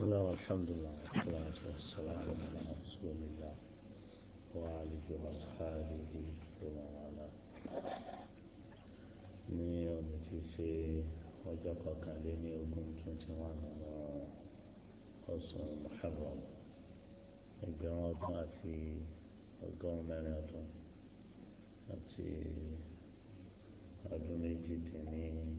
بسم الله والحمد لله والصلاة والسلام على رسول الله وآله وأصحابه ومن والاه ní ọdún tí ṣe ọjọ́ kọkànlé ní ogún twenty one ọmọ ọ̀sán Muharram ẹgbẹ̀rún ọdún àti ọgọ́rùn-ún mẹ́rin ọdún àti ọdún méjìdínlẹ́yìn.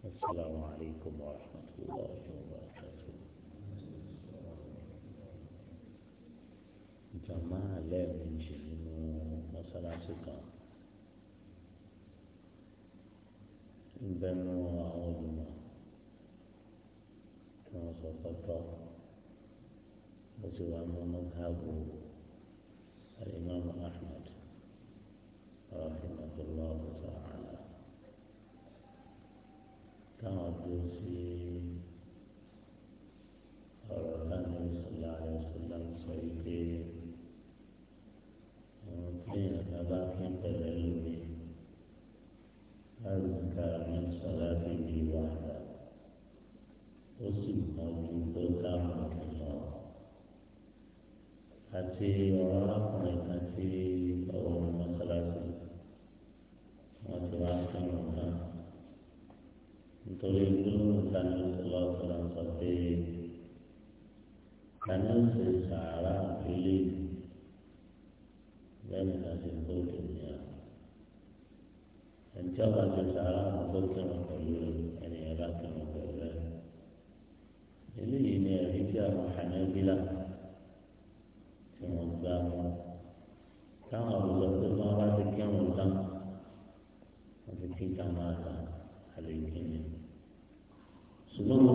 السلام عليكم ورحمة الله وبركاته جماعة لا ينشئون مسألة سكا بنو علماء وسقط وسوى مذهب الإمام أحمد táwọn dúró sí ọ̀rọ̀ lánàá ìṣọ̀lá ìṣọ̀lá sọ wípé àwọn téèyàn náà bá fi ń bẹ̀rẹ̀ lómi láti ká mi sọ̀lá bíbí wà dà ó sì mọ ju tó dáhùn mi lọ àti ọ̀rọ̀ arákùnrin àti ọ̀rọ̀. terlindung dan selalu selang sepi karena sengsara pilih dan kasih putihnya dan coba sengsara untuk kena pilih ini erat kena pilih ini ini hija mahanya bila kemudian kan Allah itu mahala dikian mudah kita mahala halikinnya ṣùgbọ́n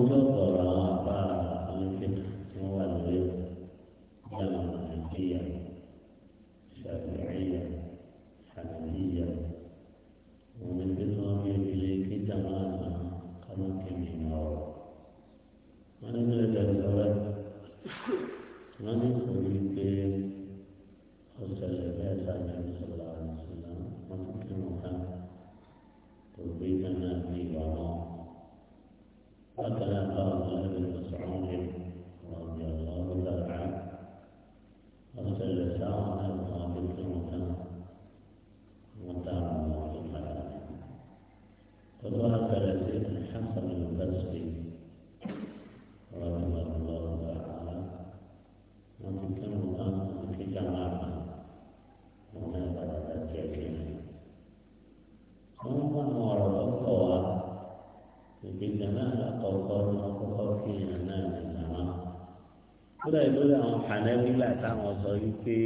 lọ́dọ̀ àwọn hànẹ́bílà táwọn sọ wípé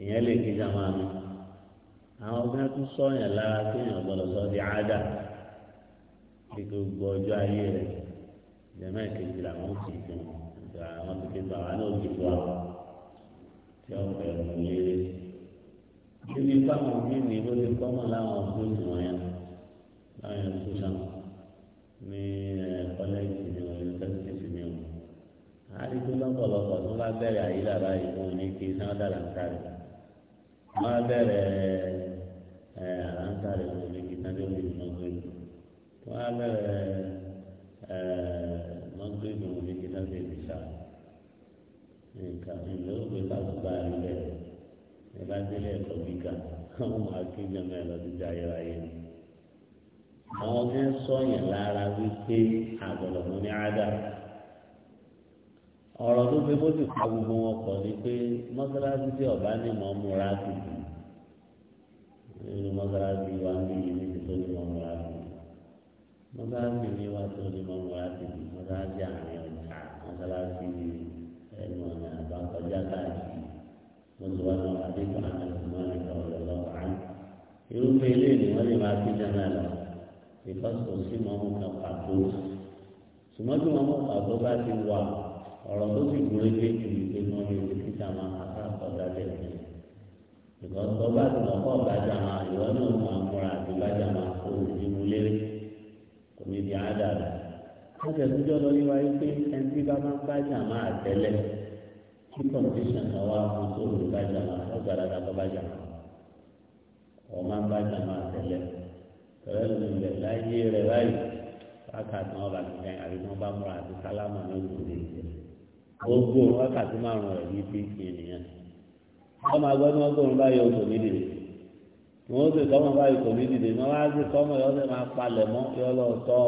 èèyàn lè kí jama mi àwọn ọgbẹ́ tún sọ̀yàn lára pé èèyàn gbọ́dọ̀ sọ di àádà bí gbogbo ọjọ́ ayé rẹ̀ jẹ́mẹ́ kejì làwọn ò sì fún ìgbà àwọn tó kéde àwọn náà ò sì fún àwọn tí wọ́n fẹ́ mú léèrè. níbi fáwọn mímì ló lè kọ́mọ̀ láwọn ọdún tí wọ́n yẹn láwọn yẹn tó sàn ní kọ́lẹ́jì ní ọ̀yọ́ tẹ́sítì bẹ̀rẹ̀ àyílà báyìí wọn ní kí sáwọn dà láǹkà rẹ̀ wọn bẹ̀rẹ̀ ẹ̀ àláǹkà rẹ̀ wọn ní kí sáwọn dà mọ́gbẹ́ni wọn bẹ̀rẹ̀ ẹ̀ mọ́gbẹ́ni wọn ní kí sáwọn dà ìbísà nǹkan ìlú òwe láti bá ẹ lẹ ẹ bá délé ẹ̀kọ́ gíga àwọn máa kí jẹmọ ẹ lọdún jẹ ayérayé ni àwọn fẹẹ yẹn lára wípé àgbọlọmọ ní ádà ọ̀rọ̀ tó fi bójú pa gbogbo wọn pọ̀ ni pé mọ́sálásí tí ọ̀bá ní mọ́ múra sí i nínú mọ́sálásí wa ní ìlú ti tó ní mọ́ múra sí i mọ́sálásí ní wa tó ní mọ́ múra sí i mọ́sálásí àárín ọjà mọ́sálásí ẹnu ọ̀nà àbákọjá káàkiri mọ́sálásí wọn àti kan àti mọ́ni ọ̀rọ̀ lọ́wọ́ irúfẹ́ ilé ni wọ́n lè máa fi dáná lọ ìfọ́sọ̀ sí mọ́mú kan pàtó ọ̀rọ̀ tó sì gún régé ju ìgbé mọ́ ní ojú títà máa ń ká ọ̀dà lẹ́nu ìgbọ́n tó bá ti lọ́kọ́ ọ̀bájà máa ìwọ náà máa múra àti bájà máa kó òbí mu lérè kò ní di àádàlà. wọ́n tẹ̀síjọ́ lọ yí wáyé pé ẹni tí bá máa ń bájà máa tẹ́lẹ̀ kí kọ̀ǹtíṣàn náà wá fún tó lè bájà máa ọ̀gbàdàgbà tó bájà máa wọ́n máa ń bájà máa tẹ́lẹ̀ tẹ́lẹ̀ ló ń bẹ̀ láyé rẹ̀ báyìí wákàtí wọn bá ti fẹ́ àbí wọn bá múra àti sálámà ní òkúté ìjẹ́ gbogbo wákàtí márùn rẹ yìí fi kí ènìyàn wọn máa gbọ́ ní ọgọ́rùn-ún báyìí ọkọ̀ mi dìde wọn ó sì tọ́mọ báyìí ọkọ̀ mi dìde wọn á sì tọ́mọ yọ sí máa palẹ̀ mọ́ yọ lọ tọ́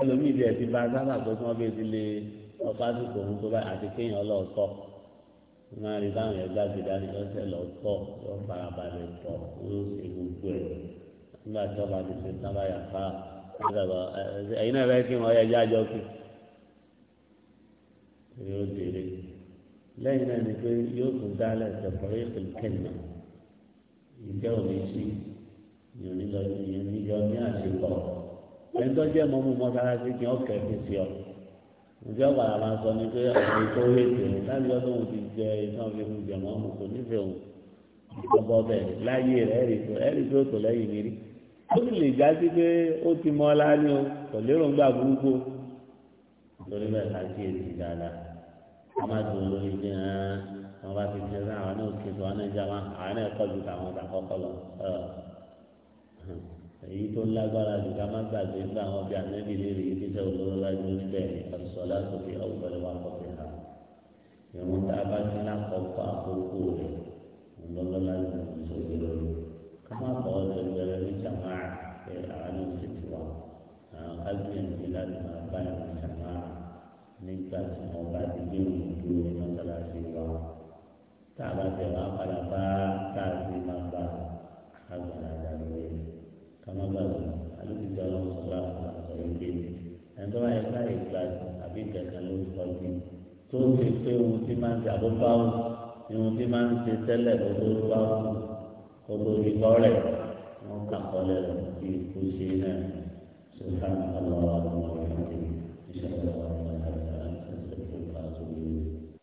ẹlòmíì ilé ẹ̀sìn bá sábà pé kí wọ́n bí ti lè ọba sì kò ń tó báyìí àti kéèyàn lọ tọ́ wọn máa rí báwọn yẹn gbàgbé dání lọ́sẹ̀ lọ tọ́ yọ farabalẹ̀ tọ́ wọn ó sì gbogbo ẹ̀ nígbà tí ọba ti ṣe sábà yà fà ẹ̀yin náà fẹ́ kí wọn yẹ lẹ́yìn náà ni pé yóò tún dálẹ̀ tẹ̀pọ̀rẹ́ ìpìlẹ̀kẹ́nà ìjẹ́ òní sí ìyọ̀níyọ ní àṣepọ̀ ẹni tó jẹ́ mọ́mú mọ́sálásí kí wọ́n kẹ́kẹ́ sí ọ ǹjẹ́ ọ̀pá àmà sọ ni pé àwọn ètò ètò láti ọdún òun ti jẹ iná fi mu jẹ mọ́mú kò nífẹ̀ẹ́ òun ìjọba ọbẹ̀ láyé rẹ̀ ẹ̀rì tó ẹ̀rì tó tò lẹ́yìn mi rí ó sì lè já sí pé ó ti mọ́ ọlá o kò lérò ń gbà gbogbo lórí bẹ́ẹ̀ láti èdè dáadáa wọ́n bá dùn lórí bí bá ti jẹ́ àwọn náà kí wọ́n náà jáma àwọn náà kọ́ ju tàwọn àkọ́kọ́ lọ. èyí tó lágbára jù ká má gbàgbé nígbà wọn bí ànábì léèrè yìí ti sẹ́ olóró lájú níbẹ̀ àtúnṣọlá tó fi ọ̀gbọ́n wa kọ́ fi tá a bá ní lákọ̀ọ́kọ́ àkókò rẹ̀ ńlọ́lọ́lá ju ìṣòro lórí. ká má tá a bá tẹ̀ wá padà bá káàdì máa bá agbára dàrú rẹ̀ ká má bàa lọ alóòtítọ́ ọlọ́run sọ̀rọ̀ àwọn àtọ̀ ìgbé ẹni tó bá yẹ ká ìgbà àbí ìkẹ̀kẹ́ ló sọ bí tó ń fi pé ohun tí máa ń ṣe àbúbá ò ní ohun tí máa ń ṣe tẹ́lẹ̀ kó tó bá ò kó tó fi kọ́ rẹ̀ wọ́n kà kọ́ lẹ́rọ̀ bí ikú ṣe náà sọ̀rọ̀ àwọn ọ̀rọ̀ ìṣẹ̀lẹ̀ ọ̀rọ̀